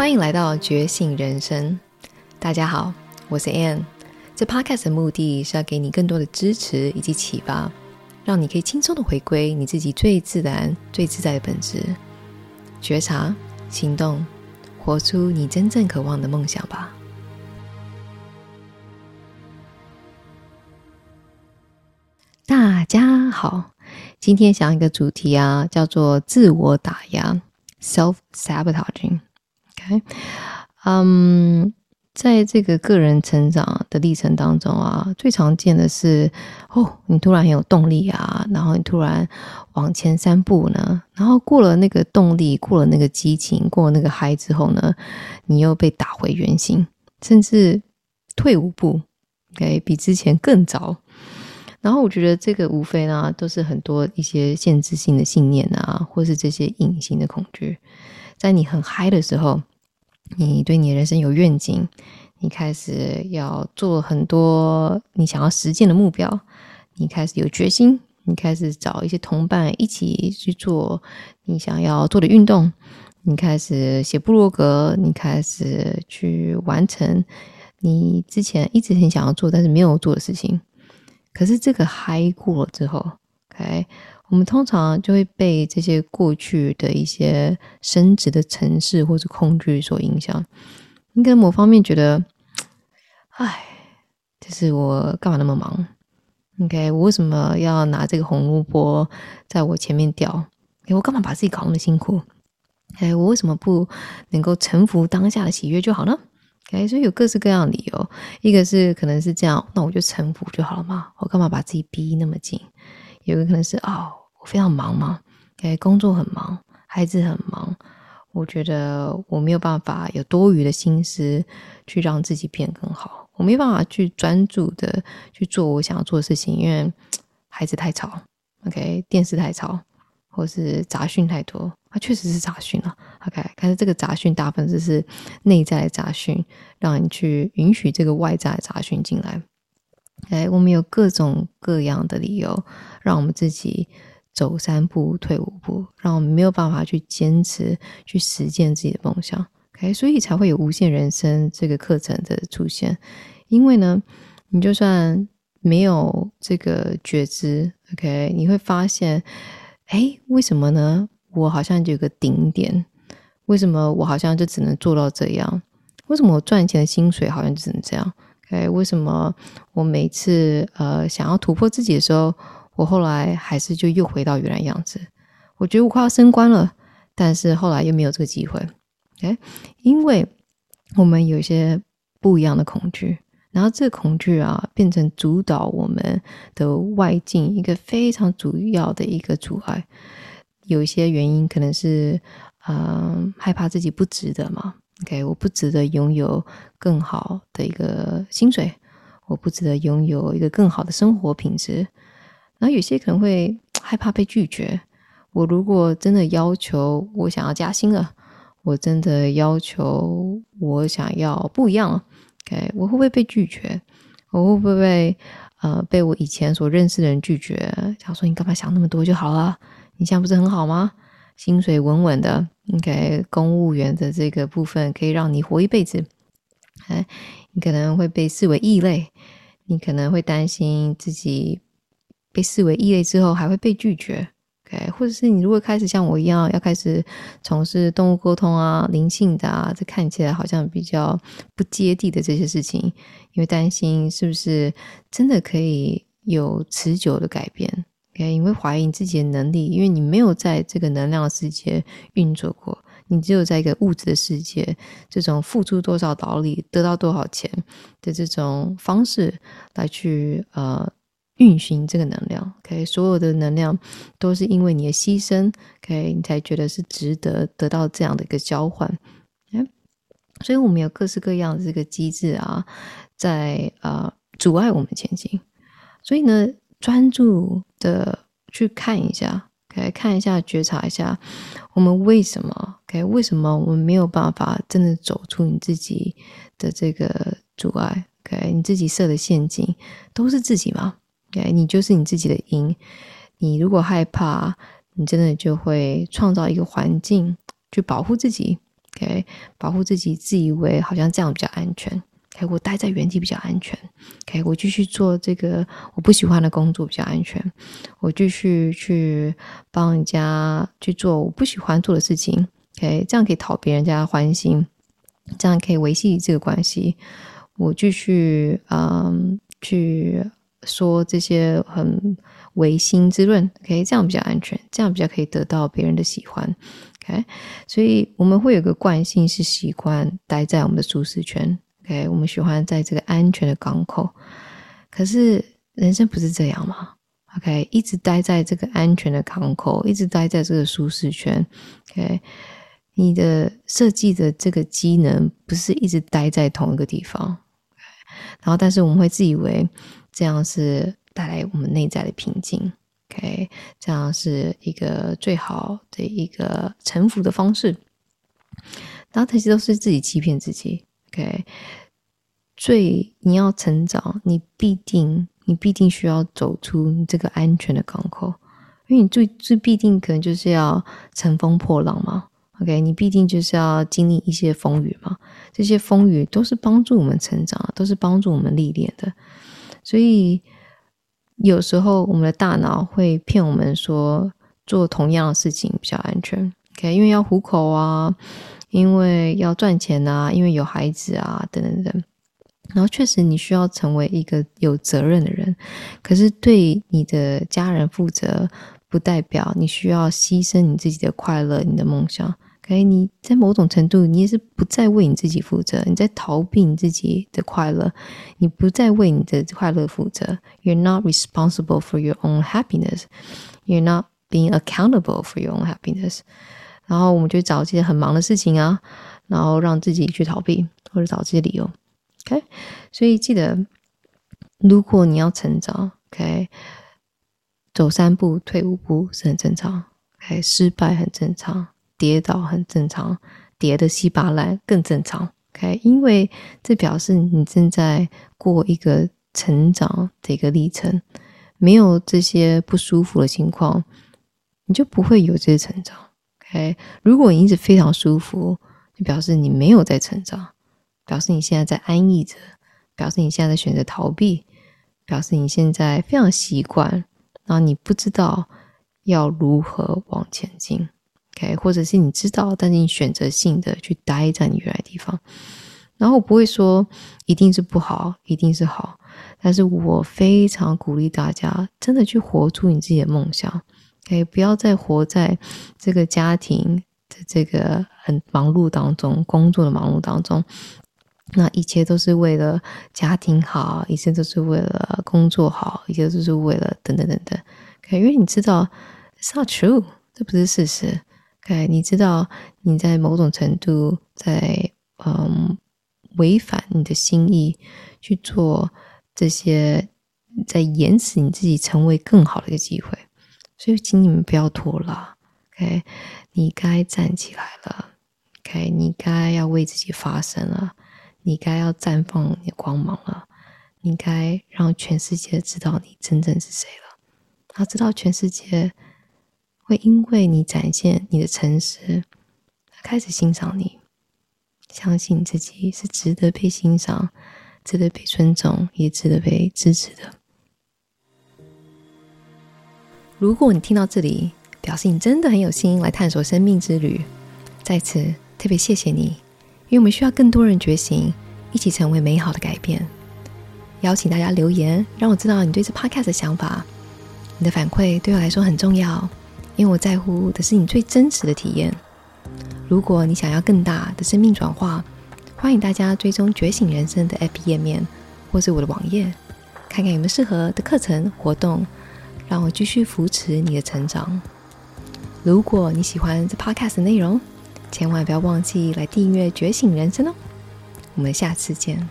歡迎來到覺醒人生。大家好，我是 a n n 這 Podcast 的目的是要給你更多的支持以及啟發，讓你可以輕鬆的回歸你自己最自然、最自在的本質，覺察、行動，活出你真正渴望的夢想吧。大家好，今天想要一個主題啊，叫做自我打壓 （self s a b o t a g i n g 嗯、okay. um,，在這個個人成長的歷程當中啊，最常見的是哦，你突然很有動力啊，然後你突然往前三步呢，然後過了那個動力，過了那個激情，過了那個嗨之後呢，你又被打回原形，甚至退五步給、okay? 比之前更糟。然後我覺得這個無非呢，都是很多一些限制性的信念啊，或是這些隱形的恐懼，在你很嗨的時候。你對你的人生有願景，你開始要做很多你想要實踐的目標，你開始有決心，你開始找一些同伴一起去做你想要做的運動，你開始寫部落格，你開始去完成你之前一直很想要做但是沒有做的事情。可是這個嗨過了之後，OK。我們通常就會被這些過去的一些升值的程式，或者恐懼所影響。應該某方面覺得，哎，就是我幹嘛那麼忙？OK，我為什麼要拿這個紅蘿蔔在我前面掉？哎、欸，我幹嘛把自己搞那麼辛苦？哎、okay，我為什麼不能夠臣服當下的喜悅就好呢？OK，所以有各式各樣的理由。一個是可能是這樣，那我就臣服就好了嘛。我幹嘛把自己逼那麼緊？有個可能是哦。我非常忙嘛，誒、okay, 工作很忙，孩子很忙，我覺得我沒有辦法有多餘的心思去讓自己變更好，我沒辦法去專注的去做我想要做的事情，因為孩子太吵，OK，電視太吵，或是雜訊太多，啊，確實是雜訊了、啊，OK，但是這個雜訊大部分是內在的雜訊，讓你去允許這個外在的雜訊進來。哎、okay，我們有各種各樣的理由讓我們自己。走三步退五步，讓我們沒有辦法去堅持去實踐自己的夢想。OK，所以才會有無限人生這個課程的出現。因為呢，你就算沒有這個覺知，OK，你會發現，誒，為什麼呢？我好像就有個頂點，為什麼我好像就只能做到這樣？為什麼我賺錢的薪水好像只能這樣？OK，為什麼我每次呃想要突破自己的時候，我後來還是就又回到原來樣子。我覺得我快要升官了，但是後來又沒有這個機會。誒，因為我們有一些不一樣的恐懼，然後這個恐懼啊，變成主導我們的外境一個非常主要的一個阻礙。有一些原因可能是，嗯，害怕自己不值得嘛？OK，我不值得擁有更好的一個薪水，我不值得擁有一個更好的生活品質。然後有些可能會害怕被拒絕。我如果真的要求，我想要加薪了，我真的要求我想要不一樣了，OK？我會不會被拒絕？我會不會被呃被我以前所認識的人拒絕？想說：“你幹嘛想那麼多就好了？你這樣不是很好嗎？薪水穩穩的，OK？公務員的這個部分可以讓你活一輩子。哎、okay，你可能會被視為異類，你可能會擔心自己。”被視為異類之後，還會被拒絕。OK？或者是你如果開始像我一樣，要開始從事動物溝通啊、靈性的啊，這看起來好像比較不接地的這些事情，因為擔心是不是真的可以有持久的改變？OK，你會懷疑你自己的能力，因為你沒有在這個能量的世界運作過，你只有在一個物質的世界，這種付出多少勞力得到多少錢的這種方式來去呃。運行這個能量，OK，所有的能量都是因為你的犧牲，OK，你才覺得是值得得到這樣的一個交換，哎，OK，所以我們有各式各樣的這個機制啊，在啊，呃，阻礙我們前進。所以呢，專注的去看一下，OK，看一下，覺察一下，我們為什麼，OK，為什麼我們沒有辦法真的走出你自己的這個阻礙？OK，你自己設的陷阱都是自己嗎？o、okay, 你就是你自己的因。你如果害怕，你真的就會創造一個環境去保護自己。o、okay? 保護自己，自以為好像這樣比較安全。o、okay? 我待在原地比較安全。o、okay? 我繼續做這個我不喜歡的工作比較安全。我繼續去幫人家去做我不喜歡做的事情。o、okay? 這樣可以討別人家歡心，這樣可以維繫這個關係。我繼續，嗯、um，去。說這些很違心之論，OK，這樣比較安全，這樣比較可以得到別人的喜歡，OK，所以我們會有個慣性，是習慣待在我們的舒適圈，OK，我們喜歡在這個安全的港口。可是人生不是這樣嗎，OK，一直待在這個安全的港口，一直待在這個舒適圈，OK，你的設計的這個機能不是一直待在同一個地方，okay? 然後但是我們會自以為。這樣是帶來我們內在的平靜，OK，這樣是一個最好的一個臣服的方式。然後這些都是自己欺騙自己，OK，最你要成長，你必定，你必定需要走出你這個安全的港口，因為你最最必定可能就是要乘風破浪嘛，OK，你必定就是要經歷一些風雨嘛，這些風雨都是幫助我們成長，都是幫助我們歷練的。所以有時候我們的大腦會騙我們說做同樣的事情比較安全，OK？因為要糊口啊，因為要賺錢啊，因為有孩子啊，等等等等。然後確實你需要成為一個有責任的人，可是對你的家人負責不代表你需要犧牲你自己的快樂、你的夢想。哎，你在某種程度，你也是不再為你自己負責，你在逃避你自己的快樂，你不再為你的快樂負責。You're not responsible for your own happiness. You're not being accountable for your own happiness. 然後我們就找一些很忙的事情啊，然後讓自己去逃避，或者找一些理由。OK，所以記得，如果你要成長，OK，走三步退五步是很正常，OK，失敗很正常。跌倒很正常，跌的稀巴爛更正常。OK，因為這表示你正在過一個成長的一個歷程。沒有這些不舒服的情況，你就不會有這些成長。OK，如果你一直非常舒服，就表示你沒有在成長，表示你現在在安逸着，表示你現在在選擇逃避，表示你現在非常習慣，然後你不知道要如何往前進。Okay，或者是你知道，但是你選擇性的去待在你原來的地方，然後我不會說一定是不好，一定是好，但是我非常鼓勵大家，真的去活出你自己的夢想，可、okay? 以不要再活在這個家庭的這個很忙碌當中，工作的忙碌當中，那一切都是為了家庭好，一切都是為了工作好，一切都是為了等等等等，okay? 因為你知道，That's not true，這不是事實。OK，你知道你在某種程度在嗯違反你的心意去做這些，在延遲你自己成為更好的一個機會。所以，請你們不要拖拉。OK，你該站起來了。OK，你該要為自己發聲了。你該要綻放你的光芒了。你該讓全世界知道你真正是誰了。他知道全世界。會因為你展現你的誠實，開始欣賞你，相信自己是值得被欣賞、值得被尊重，也值得被支持的。如果你聽到這裡，表示你真的很有心來探索生命之旅，在此特別謝謝你，因為我們需要更多人覺醒，一起成為美好的改變。邀請大家留言，讓我知道你對這 podcast 的想法。你的反饋對我來說很重要。因為我在乎的是你最真實的體驗。如果你想要更大的生命轉化，歡迎大家追蹤“覺醒人生”的 App 頁面，或是我的網頁，看看有沒有適合的課程活動，讓我繼續扶持你的成長。如果你喜歡這 Podcast 的內容，千萬不要忘記來訂閱“覺醒人生”哦。我們下次見。